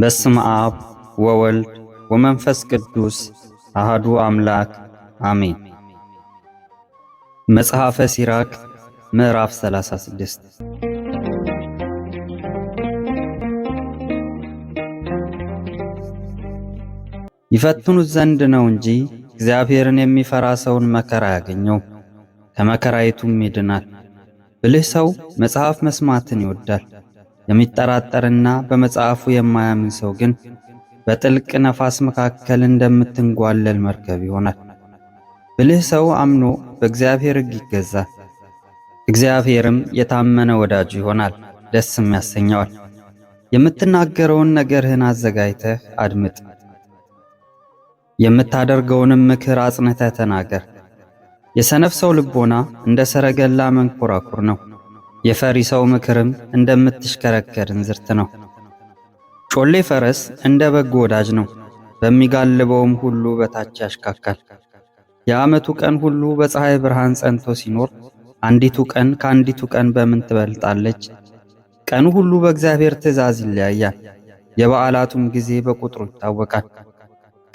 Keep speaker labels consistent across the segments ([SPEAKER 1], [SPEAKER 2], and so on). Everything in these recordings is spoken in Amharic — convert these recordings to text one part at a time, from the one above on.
[SPEAKER 1] በስም አብ ወወልድ ወመንፈስ ቅዱስ አህዱ አምላክ አሜን። መጽሐፈ ሲራክ ምዕራፍ 36 ይፈትኑት ዘንድ ነው እንጂ እግዚአብሔርን የሚፈራ ሰውን መከራ ያገኘው ከመከራይቱም ይድናል። ብልህ ሰው መጽሐፍ መስማትን ይወዳል የሚጠራጠርና በመጽሐፉ የማያምን ሰው ግን በጥልቅ ነፋስ መካከል እንደምትንጓለል መርከብ ይሆናል። ብልህ ሰው አምኖ በእግዚአብሔር ሕግ ይገዛል፣ እግዚአብሔርም የታመነ ወዳጁ ይሆናል፣ ደስም ያሰኘዋል። የምትናገረውን ነገርህን አዘጋጅተህ አድምጥ፣ የምታደርገውንም ምክር አጽንተህ ተናገር። የሰነፍ ሰው ልቦና እንደ ሰረገላ መንኮራኩር ነው፣ የፈሪሰው ምክርም እንደምትሽከረከር እንዝርት ነው። ጮሌ ፈረስ እንደ በጎ ወዳጅ ነው፣ በሚጋልበውም ሁሉ በታች ያሽካካል። የዓመቱ ቀን ሁሉ በፀሐይ ብርሃን ጸንቶ ሲኖር አንዲቱ ቀን ከአንዲቱ ቀን በምን ትበልጣለች? ቀኑ ሁሉ በእግዚአብሔር ትእዛዝ ይለያያል። የበዓላቱም ጊዜ በቁጥሩ ይታወቃል።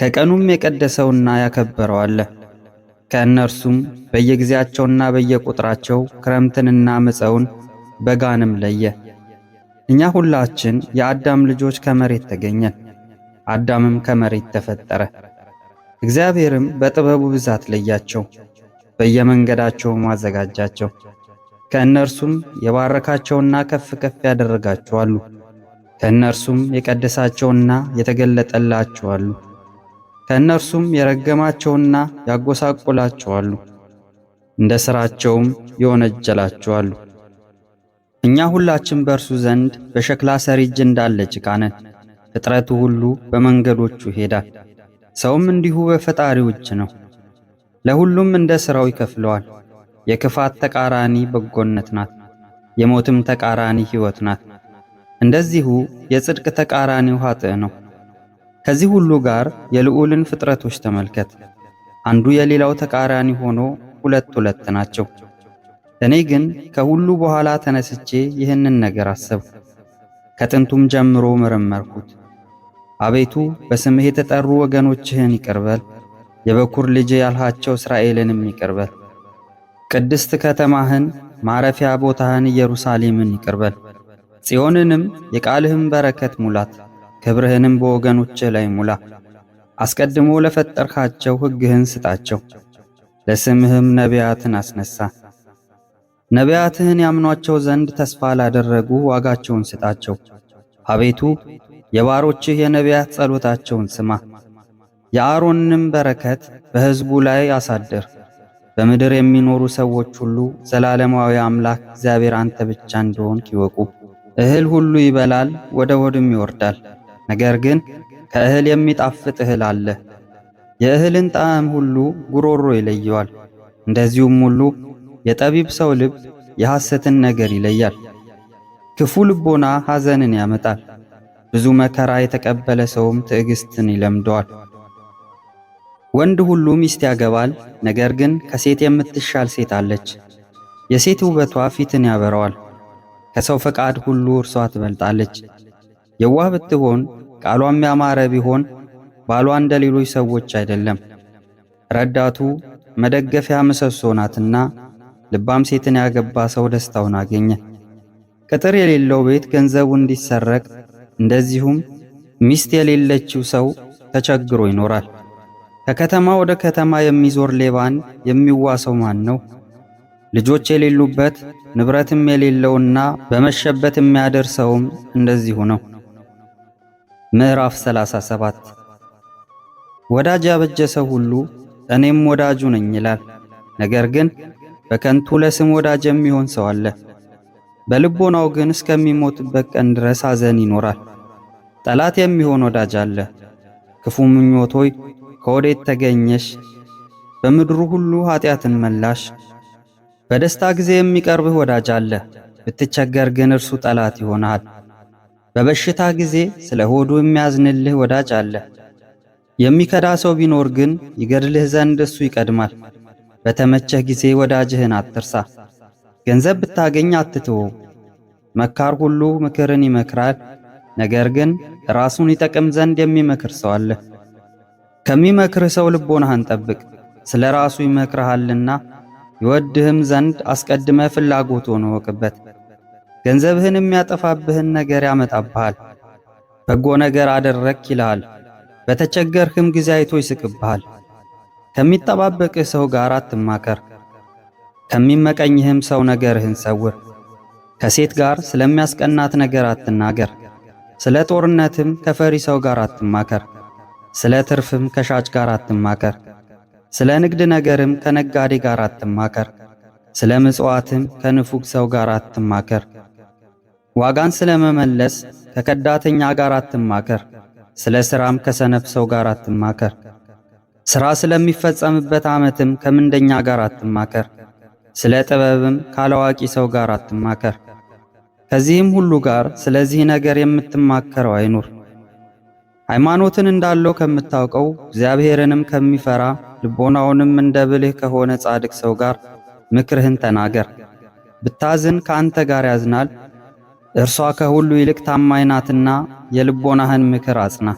[SPEAKER 1] ከቀኑም የቀደሰውና ያከበረው አለ። ከእነርሱም በየጊዜያቸውና በየቁጥራቸው ክረምትንና ምፀውን በጋንም ለየ። እኛ ሁላችን የአዳም ልጆች ከመሬት ተገኘን፣ አዳምም ከመሬት ተፈጠረ። እግዚአብሔርም በጥበቡ ብዛት ለያቸው፣ በየመንገዳቸውም አዘጋጃቸው። ከእነርሱም የባረካቸውና ከፍ ከፍ አሉ፣ ከእነርሱም የቀደሳቸውና የተገለጠላቸው አሉ። ከእነርሱም የረገማቸውና ያጎሳቁላቸዋሉ፣ እንደ ሥራቸውም ይወነጀላቸዋሉ። እኛ ሁላችን በእርሱ ዘንድ በሸክላ ሰሪ እጅ እንዳለች ነን። ፍጥረቱ ሁሉ በመንገዶቹ ይሄዳል፣ ሰውም እንዲሁ በፈጣሪው እጅ ነው። ለሁሉም እንደ ሥራው ይከፍለዋል። የክፋት ተቃራኒ በጎነት ናት፣ የሞትም ተቃራኒ ሕይወት ናት። እንደዚሁ የጽድቅ ተቃራኒው ኃጥእ ነው። ከዚህ ሁሉ ጋር የልዑልን ፍጥረቶች ተመልከት። አንዱ የሌላው ተቃራኒ ሆኖ ሁለት ሁለት ናቸው። እኔ ግን ከሁሉ በኋላ ተነስቼ ይህንን ነገር አሰብኩ። ከጥንቱም ጀምሮ መረመርኩት። አቤቱ በስምህ የተጠሩ ወገኖችህን ይቅርበል፣ የበኩር ልጅ ያልሃቸው እስራኤልንም ይቅርበል። ቅድስት ከተማህን ማረፊያ ቦታህን ኢየሩሳሌምን ይቅርበል። ጽዮንንም የቃልህም በረከት ሙላት። ክብርህንም በወገኖች ላይ ሙላ። አስቀድሞ ለፈጠርካቸው ሕግህን ስጣቸው። ለስምህም ነቢያትን አስነሳ። ነቢያትህን ያምኗቸው ዘንድ ተስፋ ላደረጉ ዋጋቸውን ስጣቸው። አቤቱ የባሮችህ የነቢያት ጸሎታቸውን ስማ። የአሮንንም በረከት በሕዝቡ ላይ አሳድር። በምድር የሚኖሩ ሰዎች ሁሉ ዘላለማዊ አምላክ እግዚአብሔር አንተ ብቻ እንደሆንክ ይወቁ። እህል ሁሉ ይበላል፣ ወደ ሆድም ይወርዳል። ነገር ግን ከእህል የሚጣፍጥ እህል አለ። የእህልን ጣዕም ሁሉ ጉሮሮ ይለየዋል። እንደዚሁም ሁሉ የጠቢብ ሰው ልብ የሐሰትን ነገር ይለያል። ክፉ ልቦና ሐዘንን ያመጣል። ብዙ መከራ የተቀበለ ሰውም ትዕግስትን ይለምደዋል። ወንድ ሁሉ ሚስት ያገባል፣ ነገር ግን ከሴት የምትሻል ሴት አለች። የሴት ውበቷ ፊትን ያበረዋል፣ ከሰው ፈቃድ ሁሉ እርሷ ትበልጣለች። የዋህ ብትሆን ቃሏም ያማረ ቢሆን ባሏ እንደ ሌሎች ሰዎች አይደለም፣ ረዳቱ መደገፊያ ምሰሶ ናትና። ልባም ሴትን ያገባ ሰው ደስታውን አገኘ። ቅጥር የሌለው ቤት ገንዘቡ እንዲሰረቅ፣ እንደዚሁም ሚስት የሌለችው ሰው ተቸግሮ ይኖራል። ከከተማ ወደ ከተማ የሚዞር ሌባን የሚዋሰው ማን ነው? ልጆች የሌሉበት ንብረትም የሌለውና በመሸበት የሚያደርሰውም እንደዚሁ ነው። ምዕራፍ 37 ወዳጅ ያበጀ ሰው ሁሉ እኔም ወዳጁ ነኝ ይላል። ነገር ግን በከንቱ ለስም ወዳጅ የሚሆን ሰው አለ፣ በልቦናው ግን እስከሚሞትበት ቀን ድረስ አዘን ይኖራል። ጠላት የሚሆን ወዳጅ አለ። ክፉ ምኞት ሆይ ከወዴት ተገኘሽ? በምድሩ ሁሉ ኀጢአትን መላሽ። በደስታ ጊዜ የሚቀርብህ ወዳጅ አለ፣ ብትቸገር ግን እርሱ ጠላት ይሆናል። በበሽታ ጊዜ ስለ ሆዱ የሚያዝንልህ ወዳጅ አለ። የሚከዳ ሰው ቢኖር ግን ይገድልህ ዘንድ እሱ ይቀድማል። በተመቸህ ጊዜ ወዳጅህን አትርሳ። ገንዘብ ብታገኝ አትተው። መካር ሁሉ ምክርን ይመክራል፣ ነገር ግን ራሱን ይጠቅም ዘንድ የሚመክር ሰው አለ። ከሚመክርህ ሰው ልቦናህን ጠብቅ፣ ስለ ራሱ ይመክርሃልና ይወድህም ዘንድ አስቀድመ ፍላጎቱን እወቅበት። ገንዘብህን የሚያጠፋብህን ነገር ያመጣብሃል። በጎ ነገር አደረክ ይልሃል። በተቸገርህም ጊዜ አይቶ ይስቅብሃል። ከሚጠባበቅህ ሰው ጋር አትማከር፣ ከሚመቀኝህም ሰው ነገርህን ሰውር። ከሴት ጋር ስለሚያስቀናት ነገር አትናገር። ስለ ጦርነትም ከፈሪ ሰው ጋር አትማከር። ስለ ትርፍም ከሻጭ ጋር አትማከር። ስለ ንግድ ነገርም ከነጋዴ ጋር አትማከር። ስለ ምጽዋትም ከንፉግ ሰው ጋር አትማከር። ዋጋን ስለመመለስ ከከዳተኛ ጋር አትማከር፣ ስለ ሥራም ከሰነፍ ሰው ጋር አትማከር። ሥራ ስለሚፈጸምበት ዓመትም ከምንደኛ ጋር አትማከር፣ ስለ ጥበብም ካላዋቂ ሰው ጋር አትማከር። ከዚህም ሁሉ ጋር ስለዚህ ነገር የምትማከረው አይኑር። ሃይማኖትን እንዳለው ከምታውቀው እግዚአብሔርንም ከሚፈራ ልቦናውንም እንደ ብልህ ከሆነ ጻድቅ ሰው ጋር ምክርህን ተናገር። ብታዝን ከአንተ ጋር ያዝናል እርሷ ከሁሉ ይልቅ ታማኝ ናትና የልቦናህን ምክር አጽና።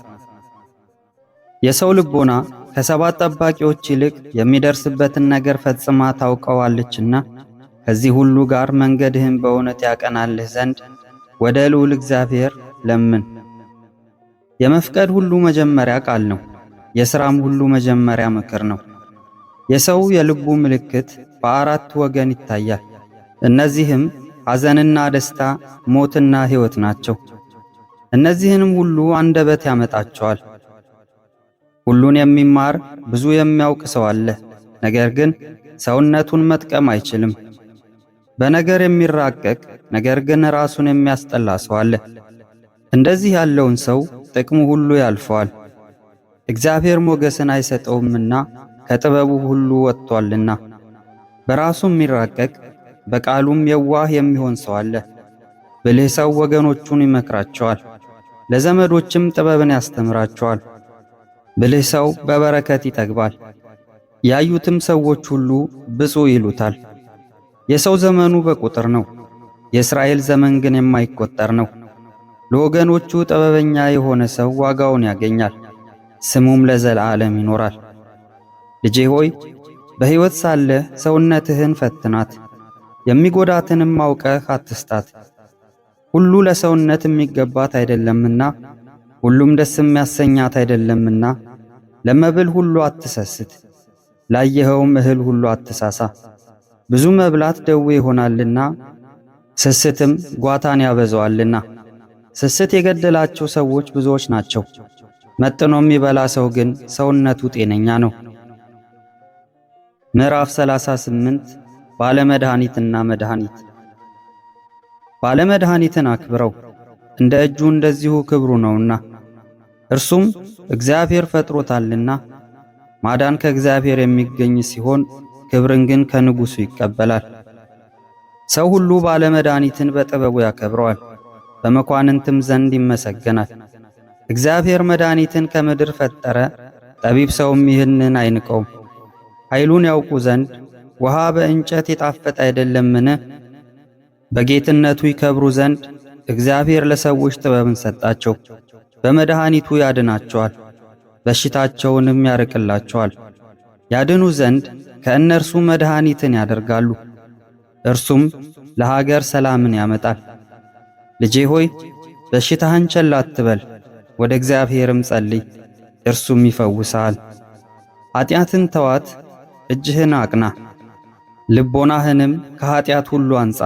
[SPEAKER 1] የሰው ልቦና ከሰባት ጠባቂዎች ይልቅ የሚደርስበትን ነገር ፈጽማ ታውቀዋለችና ከዚህ ሁሉ ጋር መንገድህን በእውነት ያቀናልህ ዘንድ ወደ ልዑል እግዚአብሔር ለምን። የመፍቀድ ሁሉ መጀመሪያ ቃል ነው፣ የሥራም ሁሉ መጀመሪያ ምክር ነው። የሰው የልቡ ምልክት በአራት ወገን ይታያል። እነዚህም ሐዘንና ደስታ፣ ሞትና ሕይወት ናቸው። እነዚህንም ሁሉ አንደበት ያመጣቸዋል። ሁሉን የሚማር ብዙ የሚያውቅ ሰው አለ፣ ነገር ግን ሰውነቱን መጥቀም አይችልም። በነገር የሚራቀቅ ነገር ግን ራሱን የሚያስጠላ ሰው አለ። እንደዚህ ያለውን ሰው ጥቅሙ ሁሉ ያልፈዋል፣ እግዚአብሔር ሞገስን አይሰጠውምና ከጥበቡ ሁሉ ወጥቷልና። በራሱ የሚራቀቅ በቃሉም የዋህ የሚሆን ሰው አለ። ብልህ ሰው ወገኖቹን ይመክራቸዋል፣ ለዘመዶችም ጥበብን ያስተምራቸዋል። ብልህ ሰው በበረከት ይጠግባል፣ ያዩትም ሰዎች ሁሉ ብፁዕ ይሉታል። የሰው ዘመኑ በቁጥር ነው፣ የእስራኤል ዘመን ግን የማይቆጠር ነው። ለወገኖቹ ጥበበኛ የሆነ ሰው ዋጋውን ያገኛል፣ ስሙም ለዘላለም ይኖራል። ልጄ ሆይ በሕይወት ሳለ ሰውነትህን ፈትናት። የሚጎዳትንም አውቀህ አትስጣት። ሁሉ ለሰውነት የሚገባት አይደለምና ሁሉም ደስ የሚያሰኛት አይደለምና ለመብል ሁሉ አትሰስት፣ ላየኸውም እህል ሁሉ አትሳሳ። ብዙ መብላት ደዌ ይሆናልና ስስትም ጓታን ያበዛዋልና። ስስት የገደላቸው ሰዎች ብዙዎች ናቸው። መጥኖ የሚበላ ሰው ግን ሰውነቱ ጤነኛ ነው። ምዕራፍ 38 ባለመድኃኒትና መድኃኒት ባለመድኃኒትን አክብረው እንደ እጁ እንደዚሁ ክብሩ ነውና እርሱም እግዚአብሔር ፈጥሮታልና ማዳን ከእግዚአብሔር የሚገኝ ሲሆን ክብርን ግን ከንጉሡ ይቀበላል። ሰው ሁሉ ባለመድኃኒትን በጥበቡ ያከብረዋል፣ በመኳንንትም ዘንድ ይመሰገናል። እግዚአብሔር መድኃኒትን ከምድር ፈጠረ፣ ጠቢብ ሰውም ይህንን አይንቀውም። ኃይሉን ያውቁ ዘንድ ውሃ በእንጨት የጣፈጠ አይደለምን? በጌትነቱ ይከብሩ ዘንድ እግዚአብሔር ለሰዎች ጥበብን ሰጣቸው። በመድኃኒቱ ያድናቸዋል፣ በሽታቸውንም ያርቅላቸዋል። ያድኑ ዘንድ ከእነርሱ መድኃኒትን ያደርጋሉ፣ እርሱም ለሀገር ሰላምን ያመጣል። ልጄ ሆይ በሽታህን ቸል አትበል፣ ወደ እግዚአብሔርም ጸልይ፣ እርሱም ይፈውሳል። ኃጢአትን ተዋት፣ እጅህን አቅና ልቦናህንም ከኀጢአት ሁሉ አንጻ።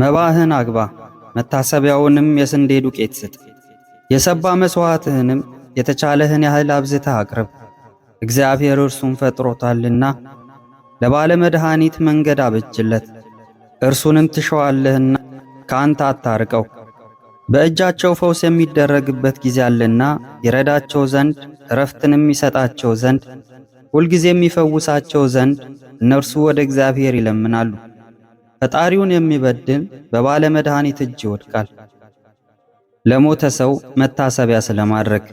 [SPEAKER 1] መባህን አግባ፣ መታሰቢያውንም የስንዴ ዱቄት ስጥ። የሰባ መሥዋዕትህንም የተቻለህን ያህል አብዝተህ አቅርብ፣ እግዚአብሔር እርሱን ፈጥሮታልና። ለባለ መድኃኒት መንገድ አበጅለት፣ እርሱንም ትሸዋለህና ከአንተ አታርቀው። በእጃቸው ፈውስ የሚደረግበት ጊዜ አለና ይረዳቸው ዘንድ ረፍትንም ይሰጣቸው ዘንድ ሁልጊዜም ይፈውሳቸው ዘንድ እነርሱ ወደ እግዚአብሔር ይለምናሉ። ፈጣሪውን የሚበድል በባለ መድኃኒት እጅ ይወድቃል። ለሞተ ሰው መታሰቢያ ስለማድረግ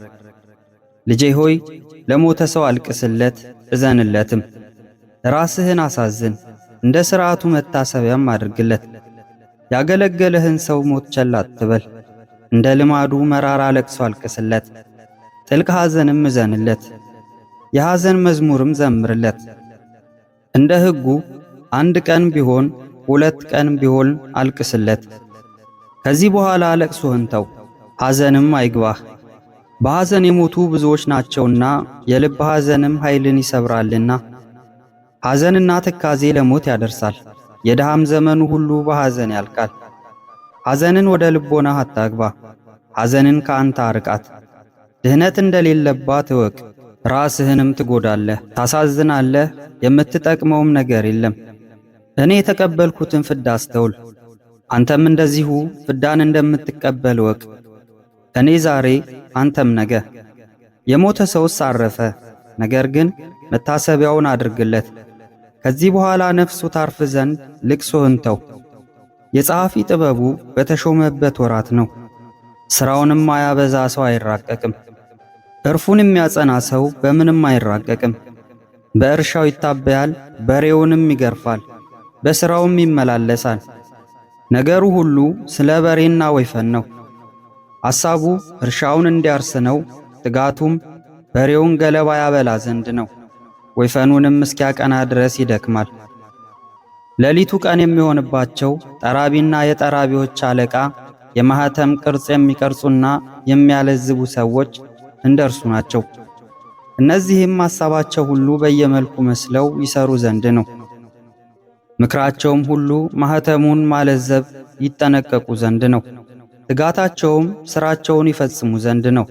[SPEAKER 1] ልጄ ሆይ ለሞተ ሰው አልቅስለት እዘንለትም፣ ራስህን አሳዝን፣ እንደ ሥርዓቱ መታሰቢያም አድርግለት። ያገለገለህን ሰው ሞት ቸል አትበል፣ እንደ ልማዱ መራራ ለቅሶ አልቅስለት፣ ጥልቅ ሐዘንም እዘንለት። የሐዘን መዝሙርም ዘምርለት። እንደ ሕጉ አንድ ቀን ቢሆን ሁለት ቀን ቢሆን አልቅስለት። ከዚህ በኋላ ለቅሶህን ተው፣ ሐዘንም አይግባህ። በሐዘን የሞቱ ብዙዎች ናቸውና የልብ ሐዘንም ኃይልን ይሰብራልና። ሐዘንና ትካዜ ለሞት ያደርሳል። የድሃም ዘመኑ ሁሉ በሐዘን ያልቃል። ሐዘንን ወደ ልቦና አታግባ፣ ሐዘንን ከአንተ አርቃት። ድህነት እንደሌለባት እወቅ። ራስህንም ትጎዳለህ፣ ታሳዝናለህ፣ የምትጠቅመውም ነገር የለም። እኔ የተቀበልኩትን ፍዳ አስተውል፣ አንተም እንደዚሁ ፍዳን እንደምትቀበል ወቅ። እኔ ዛሬ አንተም ነገ። የሞተ ሰውስ አረፈ፣ ነገር ግን መታሰቢያውን አድርግለት። ከዚህ በኋላ ነፍሱ ታርፍ ዘንድ ልቅሶህን ተው። የጸሐፊ ጥበቡ በተሾመበት ወራት ነው፣ ሥራውንም አያበዛ ሰው አይራቀቅም። እርፉን የሚያጸና ሰው በምንም አይራቀቅም። በእርሻው ይታበያል፣ በሬውንም ይገርፋል፣ በሥራውም ይመላለሳል። ነገሩ ሁሉ ስለ በሬና ወይፈን ነው። ሐሳቡ እርሻውን እንዲያርስ ነው። ትጋቱም በሬውን ገለባ ያበላ ዘንድ ነው። ወይፈኑንም እስኪያቀና ድረስ ይደክማል። ሌሊቱ ቀን የሚሆንባቸው ጠራቢና የጠራቢዎች አለቃ የማኅተም ቅርጽ የሚቀርጹና የሚያለዝቡ ሰዎች እንደ እርሱ ናቸው። እነዚህም ሐሳባቸው ሁሉ በየመልኩ መስለው ይሰሩ ዘንድ ነው። ምክራቸውም ሁሉ ማህተሙን ማለዘብ ይጠነቀቁ ዘንድ ነው። ትጋታቸውም ሥራቸውን ይፈጽሙ ዘንድ ነው።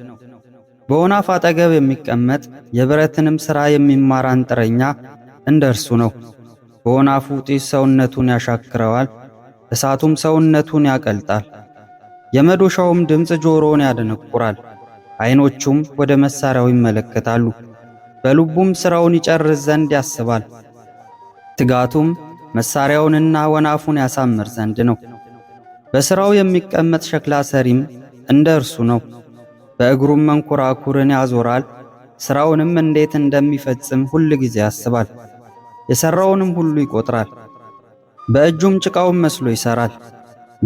[SPEAKER 1] በወናፍ አጠገብ የሚቀመጥ የብረትንም ሥራ የሚማር አንጥረኛ እንደ እርሱ ነው። በወናፉ ጢስ ሰውነቱን ያሻክረዋል፣ እሳቱም ሰውነቱን ያቀልጣል። የመዶሻውም ድምፅ ጆሮውን ያደነቁራል። አይኖቹም ወደ መሳሪያው ይመለከታሉ። በልቡም ስራውን ይጨርስ ዘንድ ያስባል። ትጋቱም መሳሪያውንና ወናፉን ያሳምር ዘንድ ነው። በስራው የሚቀመጥ ሸክላ ሰሪም እንደ እርሱ ነው። በእግሩም መንኮራኩርን ያዞራል። ስራውንም እንዴት እንደሚፈጽም ሁል ጊዜ ያስባል። የሰራውንም ሁሉ ይቆጥራል። በእጁም ጭቃውን መስሎ ይሰራል።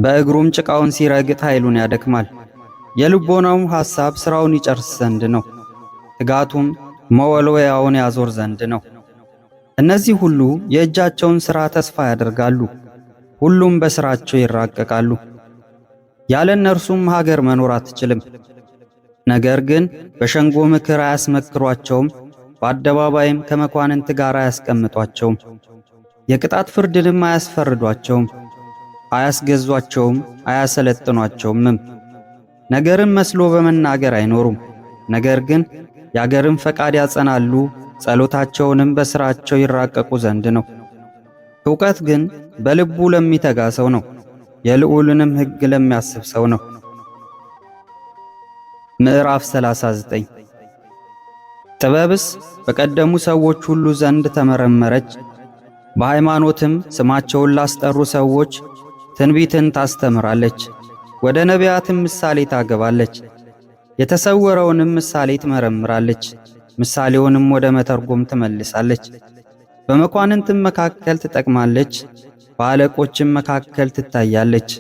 [SPEAKER 1] በእግሩም ጭቃውን ሲረግጥ ኃይሉን ያደክማል። የልቦናውም ሐሳብ ሥራውን ይጨርስ ዘንድ ነው፣ ትጋቱም መወልወያውን ያዞር ዘንድ ነው። እነዚህ ሁሉ የእጃቸውን ሥራ ተስፋ ያደርጋሉ፣ ሁሉም በሥራቸው ይራቀቃሉ። ያለ እነርሱም ሀገር መኖር አትችልም። ነገር ግን በሸንጎ ምክር አያስመክሯቸውም፣ በአደባባይም ከመኳንንት ጋር አያስቀምጧቸውም። የቅጣት ፍርድንም አያስፈርዷቸውም፣ አያስገዟቸውም፣ አያሰለጥኗቸውምም። ነገርን መስሎ በመናገር አይኖሩም። ነገር ግን የአገርን ፈቃድ ያጸናሉ፣ ጸሎታቸውንም በሥራቸው ይራቀቁ ዘንድ ነው። ዕውቀት ግን በልቡ ለሚተጋ ሰው ነው፣ የልዑልንም ሕግ ለሚያስብ ሰው ነው። ምዕራፍ 39 ጥበብስ በቀደሙ ሰዎች ሁሉ ዘንድ ተመረመረች፣ በሃይማኖትም ስማቸውን ላስጠሩ ሰዎች ትንቢትን ታስተምራለች። ወደ ነቢያትም ምሳሌ ታገባለች፣ የተሰወረውንም ምሳሌ ትመረምራለች፣ ምሳሌውንም ወደ መተርጎም ትመልሳለች። በመኳንንትም መካከል ትጠቅማለች፣ በአለቆችም መካከል ትታያለች።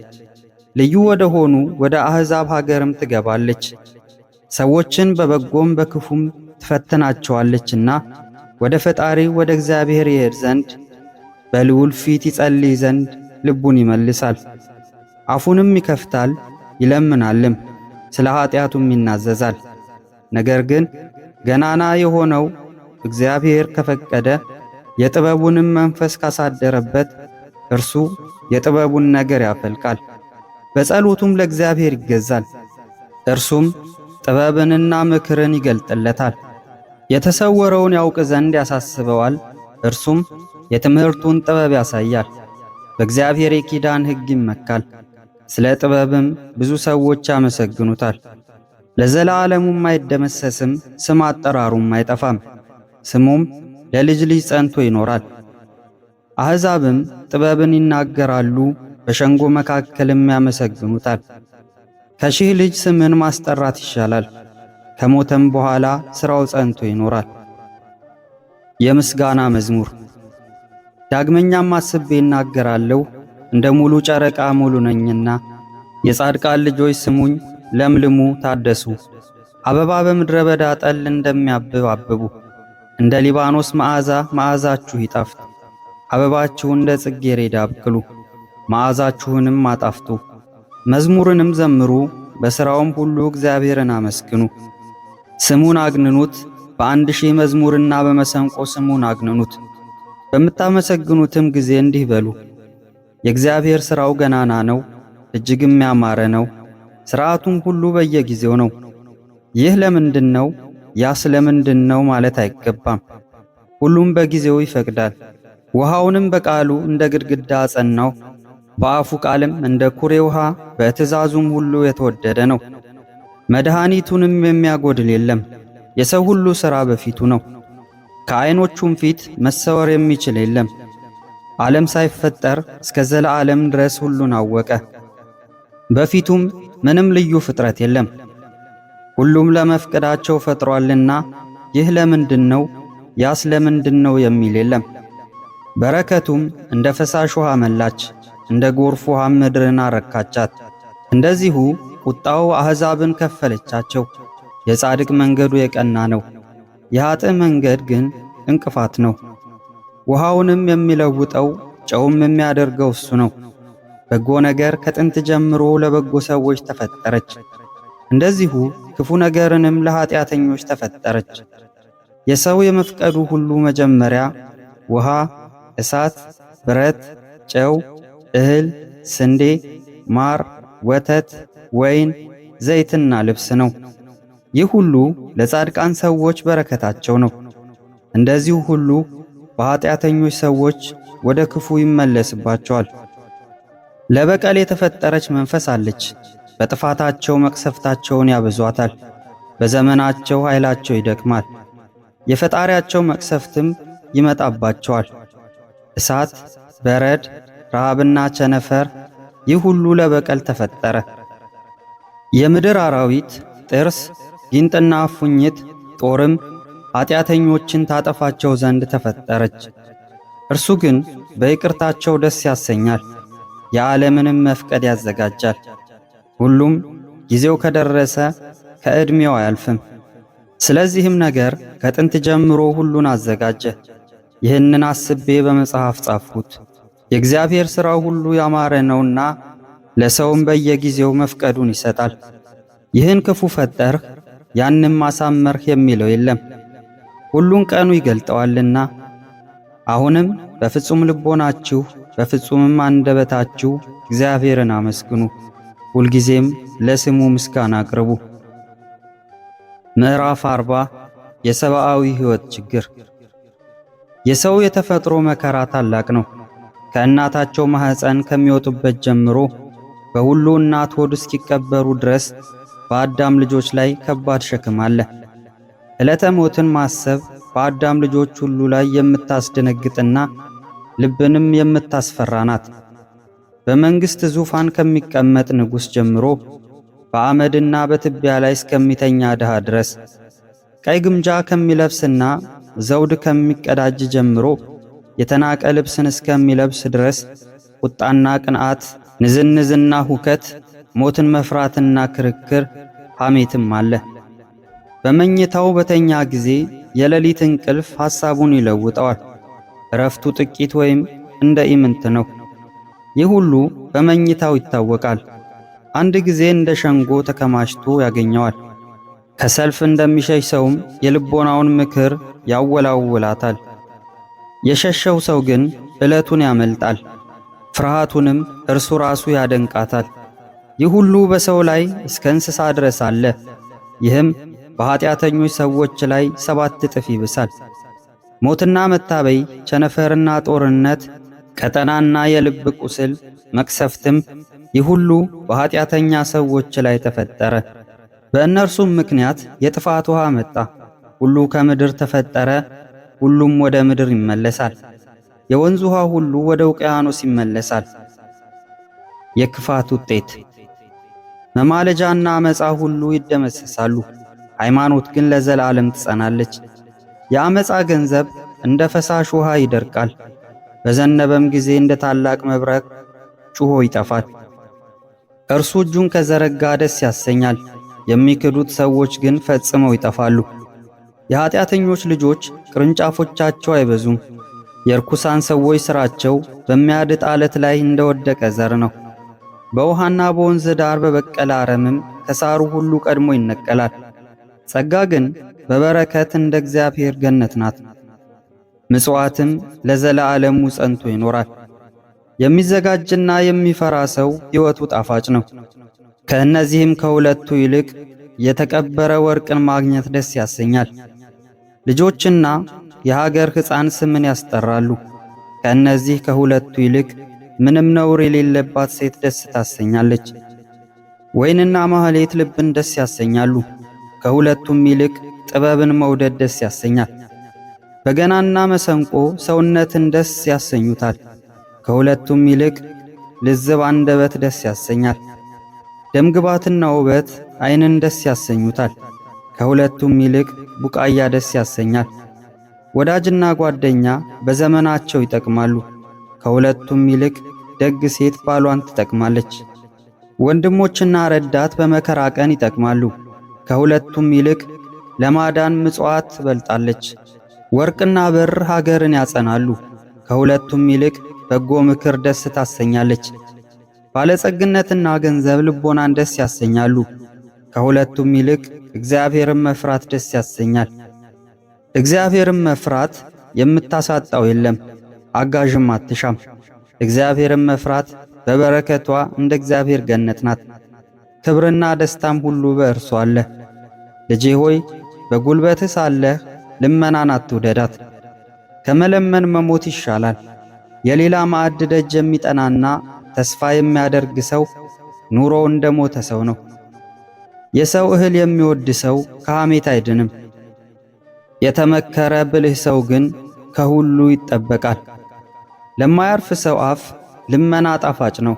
[SPEAKER 1] ልዩ ወደ ሆኑ ወደ አሕዛብ ሀገርም ትገባለች። ሰዎችን በበጎም በክፉም ትፈትናቸዋለችና ወደ ፈጣሪ ወደ እግዚአብሔር ይሄድ ዘንድ በልዑል ፊት ይጸልይ ዘንድ ልቡን ይመልሳል። አፉንም ይከፍታል ይለምናልም፣ ስለ ኃጢአቱም ይናዘዛል። ነገር ግን ገናና የሆነው እግዚአብሔር ከፈቀደ የጥበቡንም መንፈስ ካሳደረበት እርሱ የጥበቡን ነገር ያፈልቃል። በጸሎቱም ለእግዚአብሔር ይገዛል፣ እርሱም ጥበብንና ምክርን ይገልጥለታል። የተሰወረውን ያውቅ ዘንድ ያሳስበዋል፣ እርሱም የትምህርቱን ጥበብ ያሳያል። በእግዚአብሔር የኪዳን ሕግ ይመካል። ስለ ጥበብም ብዙ ሰዎች ያመሰግኑታል። ለዘላለሙም አይደመሰስም፣ ስም አጠራሩም አይጠፋም። ስሙም ለልጅ ልጅ ጸንቶ ይኖራል። አሕዛብም ጥበብን ይናገራሉ፣ በሸንጎ መካከልም ያመሰግኑታል። ከሺህ ልጅ ስምን ማስጠራት ይሻላል፣ ከሞተም በኋላ ሥራው ጸንቶ ይኖራል። የምስጋና መዝሙር ዳግመኛም አስቤ እናገራለሁ እንደ ሙሉ ጨረቃ ሙሉ ነኝና የጻድቃን ልጆች ስሙኝ፣ ለምልሙ ታደሱ፣ አበባ በምድረ በዳ ጠል እንደሚያብብ አብቡ። እንደ ሊባኖስ መዓዛ መዓዛችሁ ይጣፍጥ፣ አበባችሁ እንደ ጽጌረዳ አብቅሉ፣ መዓዛችሁንም አጣፍጡ። መዝሙርንም ዘምሩ፣ በሥራውም ሁሉ እግዚአብሔርን አመስግኑ። ስሙን አግንኑት፣ በአንድ ሺህ መዝሙርና በመሰንቆ ስሙን አግንኑት። በምታመሰግኑትም ጊዜ እንዲህ በሉ የእግዚአብሔር ሥራው ገናና ነው፣ እጅግም ያማረ ነው። ሥርዓቱም ሁሉ በየጊዜው ነው። ይህ ለምንድን ነው ያ ስለምንድን ነው ማለት አይገባም። ሁሉም በጊዜው ይፈቅዳል። ውሃውንም በቃሉ እንደ ግድግዳ አጸናው፣ በአፉ ቃልም እንደ ኩሬ ውሃ በትእዛዙም ሁሉ የተወደደ ነው። መድኃኒቱንም የሚያጎድል የለም። የሰው ሁሉ ሥራ በፊቱ ነው፣ ከዐይኖቹም ፊት መሰወር የሚችል የለም። ዓለም ሳይፈጠር እስከ ዘለዓለም ድረስ ሁሉን አወቀ። በፊቱም ምንም ልዩ ፍጥረት የለም። ሁሉም ለመፍቀዳቸው ፈጥሯልና ይህ ለምንድን ነው ያስ ለምንድን ነው የሚል የለም። በረከቱም እንደ ፈሳሽ ውሃ መላች፣ እንደ ጎርፍ ውሃም ምድርን አረካቻት። እንደዚሁ ቁጣው አሕዛብን ከፈለቻቸው። የጻድቅ መንገዱ የቀና ነው፣ የኀጥእ መንገድ ግን እንቅፋት ነው። ውሃውንም የሚለውጠው ጨውም የሚያደርገው እሱ ነው። በጎ ነገር ከጥንት ጀምሮ ለበጎ ሰዎች ተፈጠረች፣ እንደዚሁ ክፉ ነገርንም ለኀጢአተኞች ተፈጠረች። የሰው የመፍቀዱ ሁሉ መጀመሪያ ውሃ፣ እሳት፣ ብረት፣ ጨው፣ እህል፣ ስንዴ፣ ማር፣ ወተት፣ ወይን፣ ዘይትና ልብስ ነው። ይህ ሁሉ ለጻድቃን ሰዎች በረከታቸው ነው። እንደዚሁ ሁሉ በኃጢአተኞች ሰዎች ወደ ክፉ ይመለስባቸዋል። ለበቀል የተፈጠረች መንፈስ አለች። በጥፋታቸው መቅሰፍታቸውን ያበዟታል። በዘመናቸው ኃይላቸው ይደክማል። የፈጣሪያቸው መቅሰፍትም ይመጣባቸዋል። እሳት፣ በረድ፣ ረሃብና ቸነፈር ይህ ሁሉ ለበቀል ተፈጠረ። የምድር አራዊት ጥርስ፣ ጊንጥና ፉኝት ጦርም ኃጢአተኞችን ታጠፋቸው ዘንድ ተፈጠረች። እርሱ ግን በይቅርታቸው ደስ ያሰኛል፣ የዓለምንም መፍቀድ ያዘጋጃል። ሁሉም ጊዜው ከደረሰ ከዕድሜው አያልፍም። ስለዚህም ነገር ከጥንት ጀምሮ ሁሉን አዘጋጀ። ይህንን አስቤ በመጽሐፍ ጻፍሁት። የእግዚአብሔር ሥራው ሁሉ ያማረ ነውና ለሰውም በየጊዜው መፍቀዱን ይሰጣል። ይህን ክፉ ፈጠርህ፣ ያንም አሳመርህ የሚለው የለም። ሁሉን ቀኑ ይገልጠዋልና አሁንም በፍጹም ልቦናችሁ በፍጹምም አንደበታችሁ እግዚአብሔርን አመስግኑ፣ ሁልጊዜም ለስሙ ምስጋና አቅርቡ። ምዕራፍ አርባ የሰብአዊ ሕይወት ችግር። የሰው የተፈጥሮ መከራ ታላቅ ነው። ከእናታቸው ማኅፀን ከሚወጡበት ጀምሮ በሁሉ እናት ሆድ እስኪቀበሩ ድረስ በአዳም ልጆች ላይ ከባድ ሸክም አለ። ዕለተ ሞትን ማሰብ በአዳም ልጆች ሁሉ ላይ የምታስደነግጥና ልብንም የምታስፈራ ናት። በመንግሥት ዙፋን ከሚቀመጥ ንጉሥ ጀምሮ በአመድና በትቢያ ላይ እስከሚተኛ ድሃ ድረስ ቀይ ግምጃ ከሚለብስና ዘውድ ከሚቀዳጅ ጀምሮ የተናቀ ልብስን እስከሚለብስ ድረስ ቁጣና ቅንዓት፣ ንዝንዝና ሁከት፣ ሞትን መፍራትና ክርክር ሐሜትም አለ። በመኝታው በተኛ ጊዜ የሌሊት እንቅልፍ ሐሳቡን ይለውጠዋል። እረፍቱ ጥቂት ወይም እንደ ኢምንት ነው። ይህ ሁሉ በመኝታው ይታወቃል። አንድ ጊዜ እንደ ሸንጎ ተከማችቶ ያገኘዋል። ከሰልፍ እንደሚሸሽ ሰውም የልቦናውን ምክር ያወላውላታል። የሸሸው ሰው ግን ዕለቱን ያመልጣል፣ ፍርሃቱንም እርሱ ራሱ ያደንቃታል። ይህ ሁሉ በሰው ላይ እስከ እንስሳ ድረስ አለ። ይህም በኀጢአተኞች ሰዎች ላይ ሰባት እጥፍ ይብሳል። ሞትና መታበይ፣ ቸነፈርና ጦርነት፣ ቀጠናና የልብ ቁስል፣ መቅሰፍትም ይህ ሁሉ በኀጢአተኛ ሰዎች ላይ ተፈጠረ። በእነርሱም ምክንያት የጥፋት ውሃ መጣ። ሁሉ ከምድር ተፈጠረ፣ ሁሉም ወደ ምድር ይመለሳል። የወንዝ ውሃ ሁሉ ወደ ውቅያኖስ ይመለሳል። የክፋት ውጤት መማለጃና መጻ ሁሉ ይደመሰሳሉ። ሃይማኖት ግን ለዘላለም ትጸናለች። የአመፃ ገንዘብ እንደ ፈሳሽ ውሃ ይደርቃል፣ በዘነበም ጊዜ እንደ ታላቅ መብረቅ ጩሆ ይጠፋል። እርሱ እጁን ከዘረጋ ደስ ያሰኛል፣ የሚክዱት ሰዎች ግን ፈጽመው ይጠፋሉ። የኀጢአተኞች ልጆች ቅርንጫፎቻቸው አይበዙም። የርኩሳን ሰዎች ሥራቸው በሚያድጥ ዓለት ላይ እንደወደቀ ዘር ነው። በውሃና በወንዝ ዳር በበቀለ አረምም ከሳሩ ሁሉ ቀድሞ ይነቀላል። ጸጋ ግን በበረከት እንደ እግዚአብሔር ገነት ናት። ምጽዋትም ለዘላለሙ ጸንቶ ይኖራል። የሚዘጋጅና የሚፈራ ሰው ሕይወቱ ጣፋጭ ነው። ከእነዚህም ከሁለቱ ይልቅ የተቀበረ ወርቅን ማግኘት ደስ ያሰኛል። ልጆችና የሀገር ሕፃን ስምን ያስጠራሉ። ከእነዚህ ከሁለቱ ይልቅ ምንም ነውር የሌለባት ሴት ደስ ታሰኛለች። ወይንና ማህሌት ልብን ደስ ያሰኛሉ። ከሁለቱም ይልቅ ጥበብን መውደድ ደስ ያሰኛል። በገናና መሰንቆ ሰውነትን ደስ ያሰኙታል። ከሁለቱም ይልቅ ልዝብ አንደበት ደስ ያሰኛል። ደምግባትና ውበት ዓይንን ደስ ያሰኙታል። ከሁለቱም ይልቅ ቡቃያ ደስ ያሰኛል። ወዳጅና ጓደኛ በዘመናቸው ይጠቅማሉ። ከሁለቱም ይልቅ ደግ ሴት ባሏን ትጠቅማለች። ወንድሞችና ረዳት በመከራ ቀን ይጠቅማሉ። ከሁለቱም ይልቅ ለማዳን ምጽዋት ትበልጣለች። ወርቅና ብር ሀገርን ያጸናሉ፣ ከሁለቱም ይልቅ በጎ ምክር ደስ ታሰኛለች። ባለጸግነትና ገንዘብ ልቦናን ደስ ያሰኛሉ፣ ከሁለቱም ይልቅ እግዚአብሔርን መፍራት ደስ ያሰኛል። እግዚአብሔርን መፍራት የምታሳጣው የለም፣ አጋዥም አትሻም። እግዚአብሔርን መፍራት በበረከቷ እንደ እግዚአብሔር ገነት ናት። ክብርና ደስታም ሁሉ በእርሱ አለ። ልጄ ሆይ በጉልበትህ ሳለህ ልመናን አትውደዳት። ከመለመን መሞት ይሻላል። የሌላ ማዕድ ደጅ የሚጠናና ተስፋ የሚያደርግ ሰው ኑሮ እንደ ሞተ ሰው ነው። የሰው እህል የሚወድ ሰው ከሐሜት አይድንም። የተመከረ ብልህ ሰው ግን ከሁሉ ይጠበቃል። ለማያርፍ ሰው አፍ ልመና ጣፋጭ ነው፣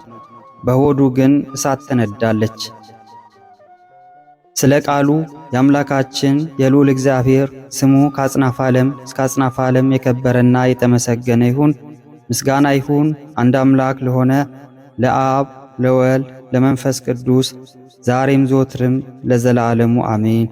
[SPEAKER 1] በሆዱ ግን እሳት ትነዳለች። ስለ ቃሉ የአምላካችን የልዑል እግዚአብሔር ስሙ ከአጽናፈ ዓለም እስከ ዓለም የከበረና የተመሰገነ ይሁን። ምስጋና ይሁን አንድ አምላክ ለሆነ ለአብ ለወልድ ለመንፈስ ቅዱስ ዛሬም ዘወትርም ለዘላለሙ አሜን።